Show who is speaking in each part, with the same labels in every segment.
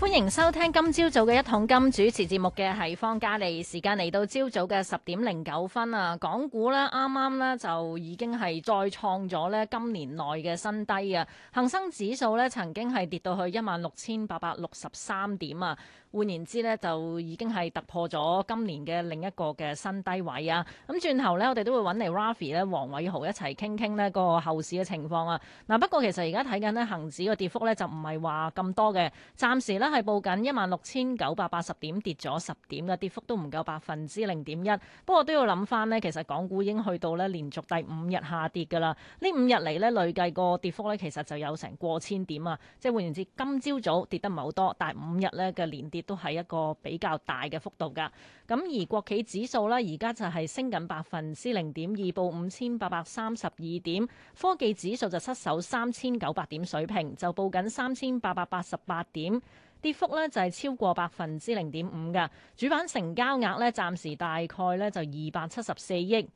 Speaker 1: 歡迎收聽今朝早嘅一桶金，主持節目嘅係方嘉利。時間嚟到朝早嘅十點零九分啊，港股呢啱啱呢就已經係再創咗呢今年內嘅新低啊，恒生指數呢曾經係跌到去一萬六千八百六十三點啊。換言之呢就已經係突破咗今年嘅另一個嘅新低位啊！咁轉頭呢，我哋都會揾嚟 Raffy 呢，黃偉豪一齊傾傾呢個後市嘅情況啊！嗱、啊，不過其實而家睇緊呢恒指個跌幅呢，就唔係話咁多嘅，暫時呢，係報緊一萬六千九百八十點，跌咗十點嘅跌幅都唔夠百分之零點一。不過都要諗翻呢，其實港股已經去到呢連續第五日下跌㗎啦。呢五日嚟呢，累計個跌幅呢，其實就有成過千點啊！即係換言之，今朝早跌得唔係好多，但係五日呢嘅連跌。亦都係一個比較大嘅幅度噶，咁而國企指數呢，而家就係升緊百分之零點二，報五千八百三十二點；科技指數就失守三千九百點水平，就報緊三千八百八十八點，跌幅呢就係超過百分之零點五噶。主板成交額呢暫時大概呢就二百七十四億。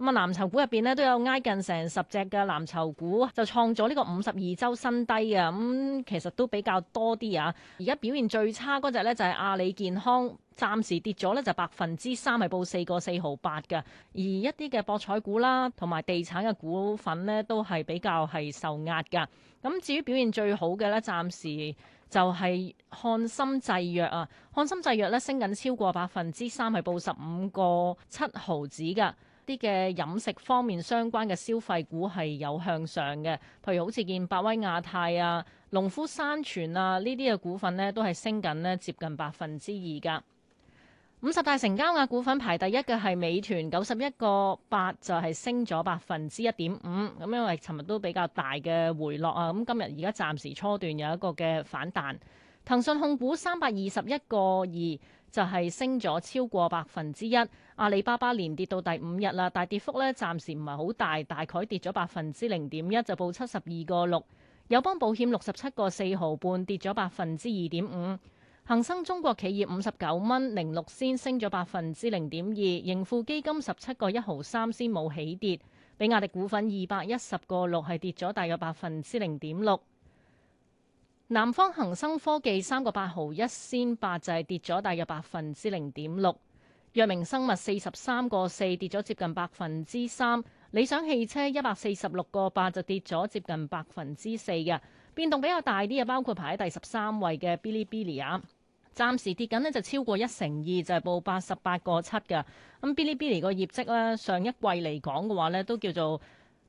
Speaker 1: 咁啊，藍籌股入邊呢都有挨近成十隻嘅藍籌股就創咗呢個五十二周新低啊。咁、嗯、其實都比較多啲啊。而家表現最差嗰隻呢，就係阿里健康，暫時跌咗呢，就百分之三，係報四個四毫八㗎。而一啲嘅博彩股啦，同埋地產嘅股份呢，都係比較係受壓㗎。咁至於表現最好嘅呢，暫時就係漢森製藥啊。漢森製藥呢，升緊超過百分之三，係報十五個七毫子㗎。啲嘅飲食方面相關嘅消費股係有向上嘅，譬如好似見百威亞太啊、農夫山泉啊呢啲嘅股份呢都係升緊呢接近百分之二㗎。五十大成交額股份排第一嘅係美團，九十一個八就係、是、升咗百分之一點五。咁因為尋日都比較大嘅回落啊，咁今日而家暫時初段有一個嘅反彈。騰訊控股三百二十一個二。就係升咗超過百分之一，阿里巴巴連跌到第五日啦，但跌幅呢暫時唔係好大，大概跌咗百分之零點一，就報七十二個六。友邦保險六十七個四毫半，跌咗百分之二點五。恒生中國企業五十九蚊零六仙，先升咗百分之零點二。盈富基金十七個一毫三，先冇起跌。比亞迪股份二百一十個六，係跌咗大約百分之零點六。南方恒生科技三個八毫一仙八就係跌咗大約百分之零點六，藥明生物四十三個四跌咗接近百分之三，理想汽車一百四十六個八就跌咗接近百分之四嘅變動比較大啲嘅，包括排喺第十三位嘅 Bilibili 啊，暫時跌緊呢就超過一成二，就係報八十八個七嘅。咁 Bilibili 個業績咧，上一季嚟講嘅話咧，都叫做。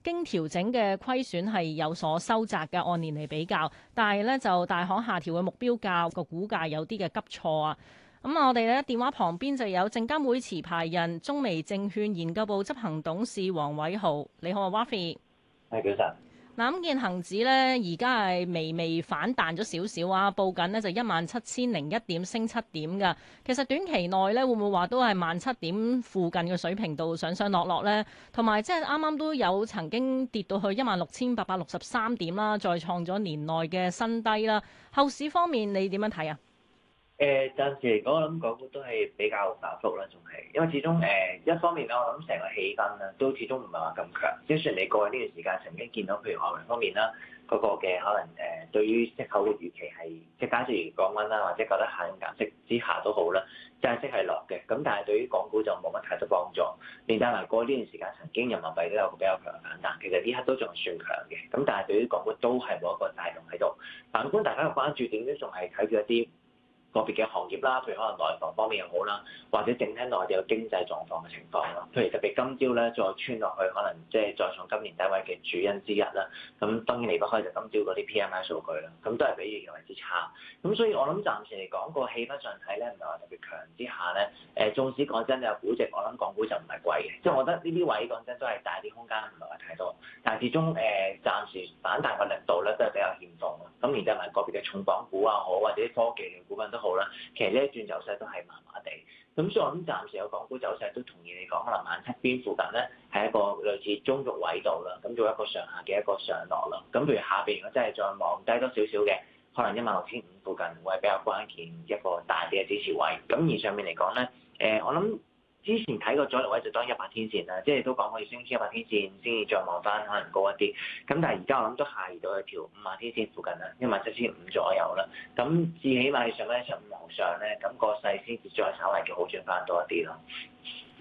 Speaker 1: 經調整嘅虧損係有所收窄嘅，按年嚟比較，但係咧就大行下調嘅目標價，個股價有啲嘅急挫啊！咁、嗯、啊，我哋咧電話旁邊就有證監會持牌人中微證券研究部執行董事黃偉豪，你好啊，Wafi。
Speaker 2: 係，早晨。
Speaker 1: 嗱，咁見恆指呢，而家係微微反彈咗少少啊，報緊呢就一萬七千零一點，升七點㗎。其實短期內呢，會唔會話都係萬七點附近嘅水平度上上落落呢？同埋即係啱啱都有曾經跌到去一萬六千八百六十三點啦，再創咗年內嘅新低啦。後市方面，你點樣睇啊？
Speaker 2: 誒暫、呃、時嚟講，我諗港股都係比較受福啦，仲係，因為始終誒、呃、一方面咧，我諗成個氣氛咧都始終唔係話咁強。即使你過去呢段時間曾經見到，譬如外銀方面啦，嗰個嘅可能誒對於息口嘅預期係即係假設降緊啦，或者覺得下行緊息之下都好啦，債息係落嘅，咁但係對於港股就冇乜太多幫助。連帶嗱過呢段時間曾經人民幣都有比較強，但其實呢刻都仲算強嘅，咁但係對於港股都係冇一個帶動喺度。反觀大家嘅關注點都仲係睇住一啲。個別嘅行業啦，譬如可能內房方面又好啦，或者整體內地嘅經濟狀況嘅情況啦，譬如特別今朝咧再穿落去，可能即係再上今年低位嘅主因之一啦。咁當然離不開就今朝嗰啲 PMI 數據啦，咁都係比預期之差。咁所以我諗暫時嚟講，個氣氛上睇咧唔係話特別強之下咧，誒、呃、縱使講真有估值，我諗港股就唔係貴嘅，即係我覺得呢啲位講真都係大啲空間，唔係話太多。但係始終誒、呃、暫時反彈嘅力度咧都係比較欠妥。咁連帶埋個別嘅重磅股啊，好或者科技類股份都好啦，其實呢一段走勢都係麻麻地。咁所以我諗暫時有港股走勢都同意你講，可能萬七邊附近咧係一個類似中軸位度啦，咁做一個上下嘅一個上落啦。咁譬如下邊如果真係再望低多少少嘅，可能一萬六千五附近會係比較關鍵一個大啲嘅支持位。咁而上面嚟講咧，誒、呃、我諗。之前睇過個阻力位就當一百天線啦，即係都講可以升穿一百天線先至再望翻可能高一啲。咁但係而家我諗都下移到去條五十天線附近啦，一萬七千五左右啦。咁至起碼上翻一十五毫上咧，咁、那個勢先至再稍微叫好轉翻多一啲咯。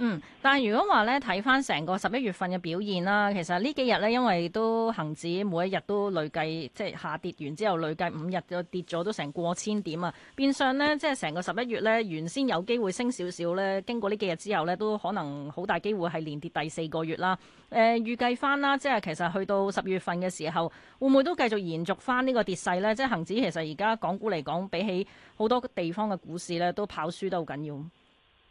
Speaker 1: 嗯，但係如果話咧睇翻成個十一月份嘅表現啦，其實呢幾日咧因為都恒指每一日都累計即係下跌完之後累計五日就跌咗都成過千點啊，變相呢，即係成個十一月咧原先有機會升少少咧，經過呢幾日之後咧都可能好大機會係連跌第四個月啦。誒預計翻啦，即係其實去到十月份嘅時候，會唔會都繼續延續翻呢個跌勢咧？即係恒指其實而家港股嚟講，比起好多地方嘅股市咧都跑輸都好緊要。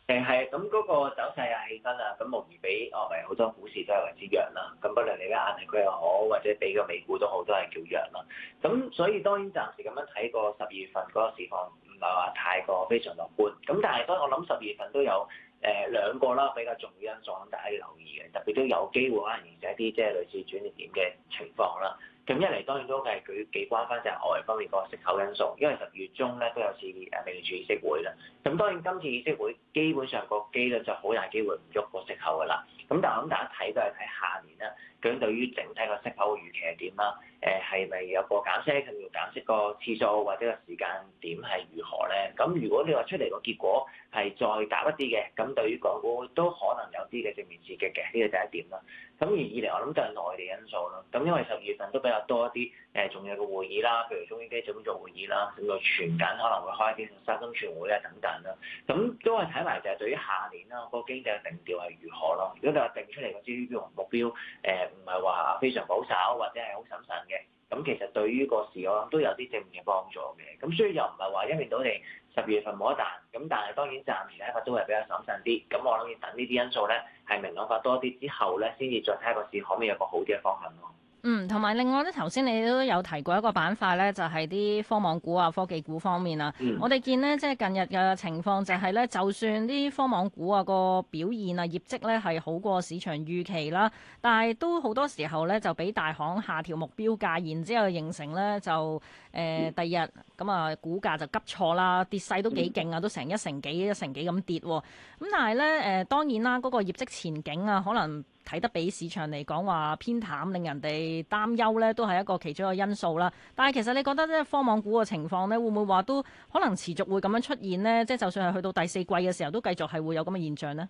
Speaker 2: 誒係，咁嗰、嗰個走勢啊氣氛啊，咁無疑比，哦係好多股市都係為之弱啦。咁不論你嘅亞太區又好，或者比個美股都好，都係叫弱啦。咁所以當然暫時咁樣睇過十二月份嗰個市況。唔係話太過非常樂觀，咁但係當然我諗十月份都有誒、呃、兩個啦比較重要因素，大家要留意嘅，特別都有機會可能形成一啲即係類似轉捩點嘅情況啦。咁一嚟當然都係佢幾關翻就係外方面個息口因素，因為十月中咧都有次誒美聯儲議息會啦。咁當然今次議息會基本上個機率就好大機會唔喐個息口噶啦。咁但係我諗大家睇都係睇下。佢對於整體個息口嘅預期係點啦？誒，係咪有個減息，佢要減息個次數或者個時間點？係如何咧？咁如果你話出嚟個結果。係再打一啲嘅，咁對於港股都可能有啲嘅正面刺激嘅，呢、這個第一點啦。咁而二嚟我諗就係內地因素咯。咁因為十月份都比較多一啲誒重要嘅會議啦，譬如中央經濟工作會議啦，整、那個全緊可能會開一啲三中全會啊等等啦。咁都係睇埋就係對於下年啦、那個經濟嘅定調係如何咯。如果你話定出嚟個 GDP 目標誒唔係話非常保守或者係好審慎嘅。咁其實對於個市，我諗都有啲正面嘅幫助嘅。咁所以又唔係話一面倒嚟十月份冇一彈，咁但係當然暫時睇法都係比較謹慎啲。咁我諗要等呢啲因素咧係明朗化多啲之後咧，先至再睇下個市可唔可以有個好啲嘅方向咯。
Speaker 1: 嗯，同埋另外咧，頭先你都有提過一個板塊咧，就係、係、啲科網股啊、科技股方面啊。嗯、我哋見呢，即係近日嘅情況就係咧，就算啲科網股啊個表現啊業績咧係好過市場預期啦，但係都好多時候咧就俾大行下調目標價，然之後形成咧就誒、呃、第二日咁、嗯、啊股價就急挫啦，跌勢都幾勁啊，都成一成幾一成幾咁跌。咁但係咧誒當然啦，嗰、嗰個業績前景啊可能。睇得比市場嚟講話偏淡，令人哋擔憂咧，都係一個其中一個因素啦。但係其實你覺得咧，科網股嘅情況咧，會唔會話都可能持續會咁樣出現咧？即係就算係去到第四季嘅時候，都繼續係會有咁嘅現象咧？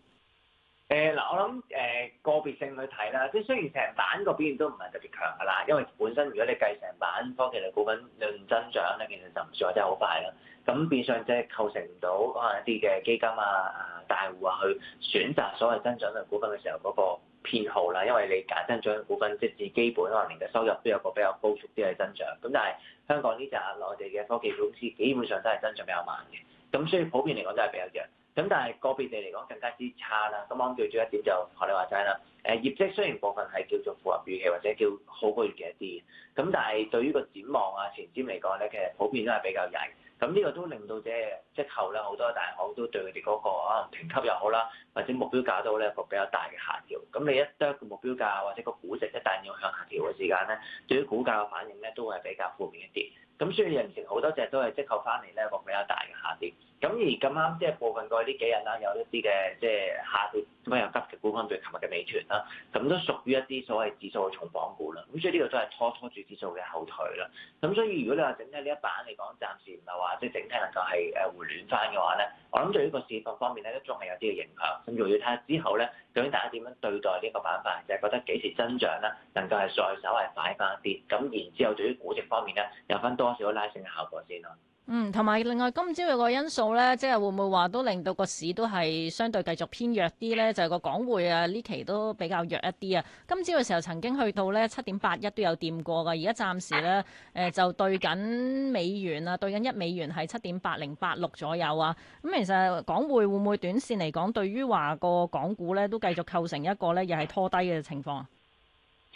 Speaker 2: 誒嗱、呃，我諗誒、呃、個別性去睇啦。即係雖然成板個表現都唔係特別強噶啦，因為本身如果你計成板科技類股份量增長咧，其實就唔算話真係好快啦。咁變相即係構成唔到可能一啲嘅基金啊、啊大戶啊去選擇所謂增長類股份嘅時候嗰、那個，偏好啦，因為你假增長嘅股份，即至基本可能年嘅收入都有個比較高速啲嘅增長。咁但係香港呢隻內地嘅科技公司，基本上都係增長比較慢嘅，咁所以普遍嚟講都係比較弱。咁但係個別地嚟講更加之差啦。咁對住一點就學你話齋啦。誒，業績雖然部分係叫做符合預期或者叫好過預期一啲，咁但係對於個展望啊前瞻嚟講咧，其實普遍都係比較弱。咁呢個都令到即係績後咧好多大行都對佢哋嗰個可能評級又好啦，或者目標價都咧一個比較大嘅下調。咁你一 drop 個目標價或者個估值一旦要向下調嘅時間咧，對於股價嘅反應咧都會係比較負面一啲。咁所以日前好多隻都係績後翻嚟咧一個比較大嘅下跌。咁而咁啱，即係部分過去呢幾日啦，有一啲嘅即係下跌，咁樣有急嘅股份對，琴日嘅美團啦，咁都屬於一啲所謂指數嘅重磅股啦。咁所以呢個都係拖拖住指數嘅後腿啦。咁所以如果你話整體呢一版嚟講，暫時唔係話即係整體能夠係誒回暖翻嘅話咧，我諗對呢個市況方面咧，都仲係有啲嘅影響。咁仲要睇下之後咧，究竟大家點樣對待呢個板塊，就係覺得幾時增長啦，能夠係再稍微快翻啲。咁然之後，對於估值方面咧，有翻多少個拉升嘅效果先咯。
Speaker 1: 嗯，同埋另外今朝嘅個因素呢，即係會唔會話都令到個市都係相對繼續偏弱啲呢？就係、是、個港匯啊，呢期都比較弱一啲啊。今朝嘅時候曾經去到呢七點八一都有掂過㗎，而家暫時呢，誒、呃、就對緊美元啊，對緊一美元係七點八零八六左右啊。咁、嗯、其實港匯會唔會短線嚟講，對於話個港股呢，都繼續構成一個呢，又係拖低嘅情況？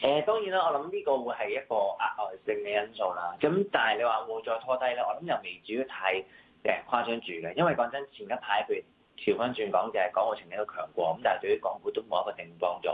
Speaker 2: 誒當然啦，我諗呢個會係一個額外性嘅因素啦。咁但係你話會再拖低呢，我諗又未至於太誒、呃、誇張住嘅，因為講真前一排佢。調翻轉講就係港澳情經都強過，咁但係對於港股都冇一個正幫助。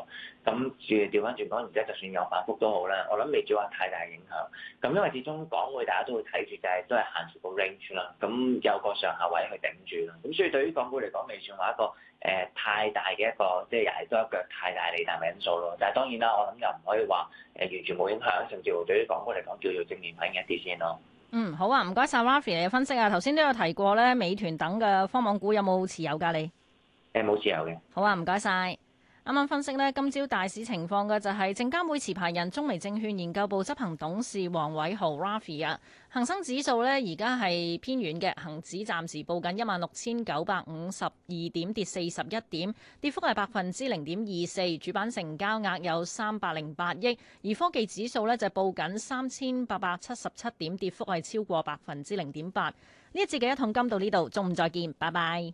Speaker 2: 咁轉調翻轉講，而家就算有反覆都好啦，我諗未至於話太大影響。咁因為始終港匯大家都會睇住、就係，就係都係行住個 range 啦。咁有個上下位去頂住啦。咁所以對於港股嚟講，未算話一個誒、呃、太大嘅一個，即係又係多一腳太大利淡嘅因素咯。但係當然啦，我諗又唔可以話誒、呃、完全冇影響，甚至乎對於港股嚟講，叫做正面反應一啲先咯。
Speaker 1: 嗯，好啊，唔該晒 Rafi 你嘅分析啊。頭先都有提過咧，美團等嘅科網股有冇持有噶？你誒，冇持有嘅。好啊，唔該晒。啱啱分析呢，今朝大市情況嘅就係證監會持牌人中微證券研究部執行董事黃偉豪 Rafi 啊。恒生指數呢而家係偏軟嘅，恒指暫時報緊一萬六千九百五十二點，跌四十一點，跌幅係百分之零點二四。主板成交額有三百零八億，而科技指數呢，就係報緊三千八百七十七點，跌幅係超過百分之零點八。呢一節嘅一桶金到呢度，中午再見，拜拜。